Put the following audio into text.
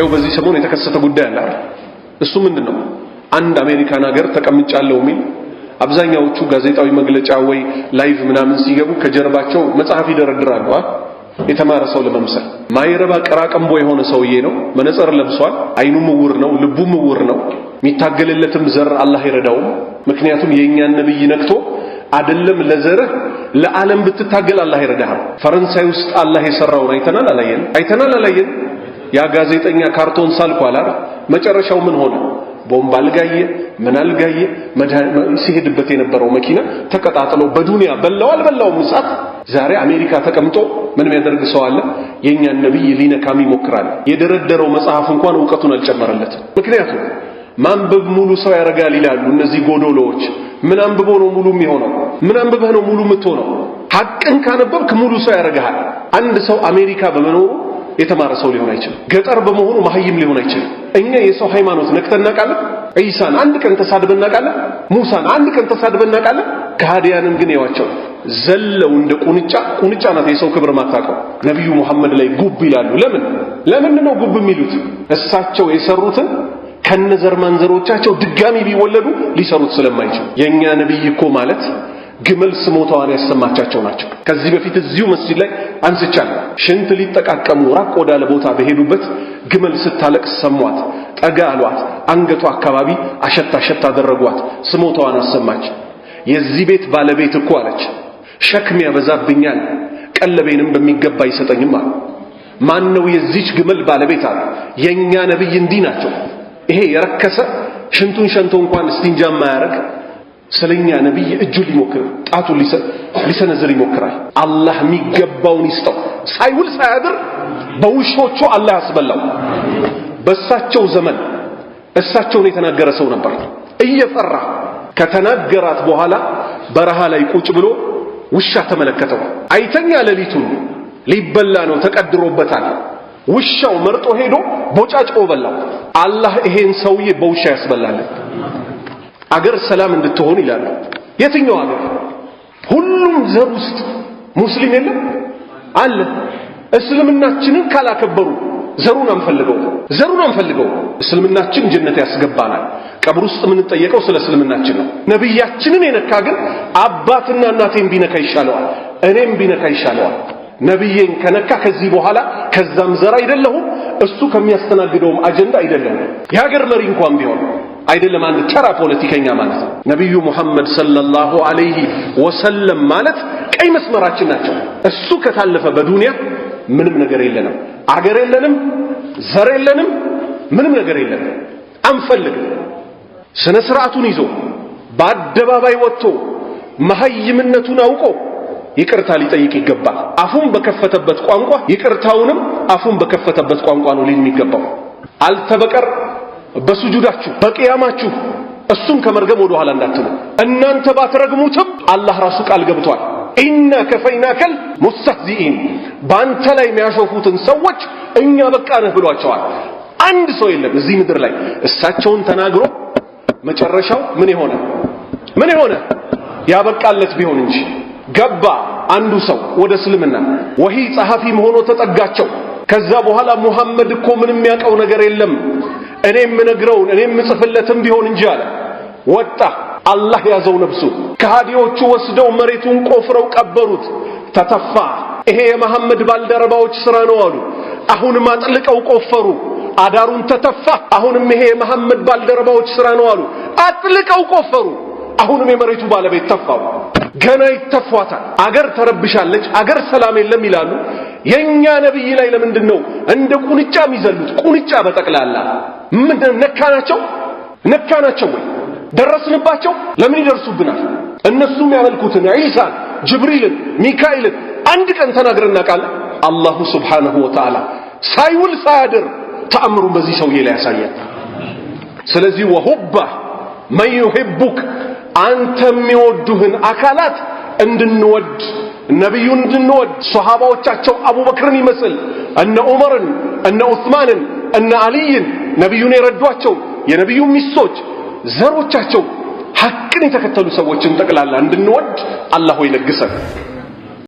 ያው በዚህ ሰሞን የተከሰተ ጉዳይ አለ አይደል? እሱ ምንድን ነው? አንድ አሜሪካን ሀገር ተቀምጫለሁ የሚል አብዛኛዎቹ ጋዜጣዊ መግለጫ ወይ ላይቭ ምናምን ሲገቡ ከጀርባቸው መጽሐፍ ይደረድራሉ። የተማረ ሰው ለመምሰል ማይረባ ቀራቀንቦ የሆነ ሰውዬ ነው። መነጽር ለብሷል። አይኑ ምውር ነው፣ ልቡ ምውር ነው። የሚታገልለትም ዘር አላህ አይረዳውም። ምክንያቱም የእኛን ነብይ ነክቶ አደለም ለዘርህ ለዓለም ብትታገል አላህ ይረዳሃል። ፈረንሳይ ውስጥ አላህ የሰራውን አይተናል አላየን? አይተናል አላየን? ያ ጋዜጠኛ ካርቶን ሳልኳል አላረ መጨረሻው ምን ሆነ? ቦምብ አልጋየ ምን አልጋየ ሲሄድበት የነበረው መኪና ተቀጣጥሎ በዱንያ በላው አልበላውም። እሳት ዛሬ አሜሪካ ተቀምጦ ምን የሚያደርግ ሰው አለ? የእኛን ነቢይ ሊነካም ይሞክራል። የደረደረው መጽሐፍ እንኳን እውቀቱን አልጨመረለትም። ምክንያቱም ማንበብ ሙሉ ሰው ያደርጋል ይላሉ እነዚህ ጎዶሎዎች። ምን አንብቦ ነው ሙሉ የሚሆነው? ምን አንብበህ ነው ሙሉ የምትሆነው? ሐቅን ካነበብክ ሙሉ ሰው ያደርግሃል። አንድ ሰው አሜሪካ በመኖሩ የተማረ ሰው ሊሆን አይችልም። ገጠር በመሆኑ መሀይም ሊሆን አይችልም። እኛ የሰው ሃይማኖት ነክተን እናውቃለን። ዒሳን አንድ ቀን ተሳድበን እናውቃለን። ሙሳን አንድ ቀን ተሳድበን እናውቃለን። ከሃዲያንን ግን የዋቸው ዘለው እንደ ቁንጫ ቁንጫ ናት የሰው ክብር ማታውቀው ነቢዩ መሐመድ ላይ ጉብ ይላሉ። ለምን ለምን ነው ጉብ የሚሉት? እሳቸው የሰሩትን ከነዘር ማንዘሮቻቸው ድጋሚ ቢወለዱ ሊሰሩት ስለማይችል የእኛ ነቢይ እኮ ማለት ግመል ስሞታዋን ያሰማቻቸው ናቸው። ከዚህ በፊት እዚሁ መስጂድ ላይ አንስቻል። ሽንት ሊጠቃቀሙ ራቅ ወዳለ ቦታ በሄዱበት ግመል ስታለቅስ ሰሟት። ጠጋ አሏት። አንገቷ አካባቢ አሸት አሸት አደረጓት። ስሞታዋን አሰማች። የዚህ ቤት ባለቤት እኮ አለች፣ ሸክም ያበዛብኛል፣ ቀለቤንም በሚገባ አይሰጠኝም ማን ነው የዚች ግመል ባለቤት አለ። የእኛ ነቢይ እንዲህ ናቸው። ይሄ የረከሰ ሽንቱን ሸንቶ እንኳን እስቲንጃ ማያረግ ስለኛ ነቢይ እጁን ሊሞክር ጣቱን ሊሰነዝር ይሞክራል። አላህ የሚገባውን ይስጠው። ሳይውል ሳያድር በውሾቹ አላህ ያስበላው። በእሳቸው ዘመን እሳቸውን የተናገረ ሰው ነበር። እየፈራ ከተናገራት በኋላ በረሃ ላይ ቁጭ ብሎ ውሻ ተመለከተው። አይተኛ ሌሊቱን ሊበላ ነው ተቀድሮበታል። ውሻው መርጦ ሄዶ ቦጫጭቆ በላው። አላህ ይሄን ሰውዬ በውሻ ያስበላለን። አገር ሰላም እንድትሆን ይላሉ። የትኛው አገር? ሁሉም ዘር ውስጥ ሙስሊም የለም አለ። እስልምናችንን ካላከበሩ ዘሩን አንፈልገው፣ ዘሩን አንፈልገው። እስልምናችን ጀነት ያስገባናል። ቀብር ውስጥ የምንጠየቀው ስለ እስልምናችን ነው። ነቢያችንን የነካ ግን አባትና እናቴን ቢነካ ይሻለዋል፣ እኔም ቢነካ ይሻለዋል። ነቢዬን ከነካ ከዚህ በኋላ ከዛም ዘር አይደለሁም፣ እሱ ከሚያስተናግደውም አጀንዳ አይደለም። የሀገር መሪ እንኳን ቢሆን አይደለም አንድ ተራ ፖለቲከኛ ማለት ነው። ነቢዩ ሙሐመድ ሰለላሁ ዐለይሂ ወሰለም ማለት ቀይ መስመራችን ናቸው። እሱ ከታለፈ በዱንያ ምንም ነገር የለንም፣ አገር የለንም፣ ዘር የለንም፣ ምንም ነገር የለንም፣ አንፈልግም። ስነ ስርዓቱን ይዞ በአደባባይ ወጥቶ መሀይምነቱን አውቆ ይቅርታ ሊጠይቅ ይገባል። አፉን በከፈተበት ቋንቋ ይቅርታውንም አፉን በከፈተበት ቋንቋ ነው ሊል የሚገባው አልተበቀር በሱጁዳችሁ በቅያማችሁ እሱን ከመርገም ወደ ኋላ እንዳትሉ። እናንተ ባትረግሙትም አላህ ራሱ ቃል ገብቷል። ኢና ከፈይናከል ሙስተህዚኢን በአንተ ላይ የሚያሾፉትን ሰዎች እኛ በቃ ነህ ብሏቸዋል። አንድ ሰው የለም እዚህ ምድር ላይ እሳቸውን ተናግሮ መጨረሻው ምን የሆነ ምን የሆነ ያበቃለት ቢሆን እንጂ ገባ አንዱ ሰው ወደ እስልምና ወሂ ጸሐፊም ሆኖ ተጠጋቸው። ከዛ በኋላ ሙሐመድ እኮ ምንም ያውቀው ነገር የለም እኔ የምነግረውን እኔ የምጽፍለትም ቢሆን እንጂ አለ። ወጣ። አላህ ያዘው ነብሱ። ከሃዲዎቹ ወስደው መሬቱን ቆፍረው ቀበሩት። ተተፋ። ይሄ የመሐመድ ባልደረባዎች ሥራ ነው አሉ። አሁንም አጥልቀው ቆፈሩ። አዳሩን ተተፋ። አሁንም ይሄ የመሐመድ ባልደረባዎች ሥራ ነው አሉ። አጥልቀው ቆፈሩ። አሁንም የመሬቱ ባለቤት ተፋው። ገና ይተፏታል። አገር ተረብሻለች፣ አገር ሰላም የለም ይላሉ። የኛ ነብይ ላይ ለምንድን ነው እንደ ቁንጫ የሚዘሉት? ቁንጫ በጠቅላላ ነካናቸው? ነካናቸው ወይ ደረስንባቸው? ለምን ይደርሱብናል? እነሱም ያመልኩትን ዒሳን፣ ጅብሪልን፣ ሚካኤልን አንድ ቀን ተናግረን እናውቃለን? አላሁ ስብሓነሁ ወተዓላ ሳይውል ሳያድር ተአምሩን በዚህ ሰውዬ ላይ ያሳያል። ስለዚህ ወሁባ መን ዩሂቡክ አንተ የሚወዱህን አካላት እንድንወድ ነቢዩን እንድንወድ ሰሃባዎቻቸው አቡበክርን ይመስል እነ ዑመርን እነ ዑስማንን እነ አልይን ነቢዩን የረዷቸው የነቢዩ ሚስቶች ዘሮቻቸው ሐቅን የተከተሉ ሰዎችን ጠቅላላ እንድንወድ አላህ ይለግሰን።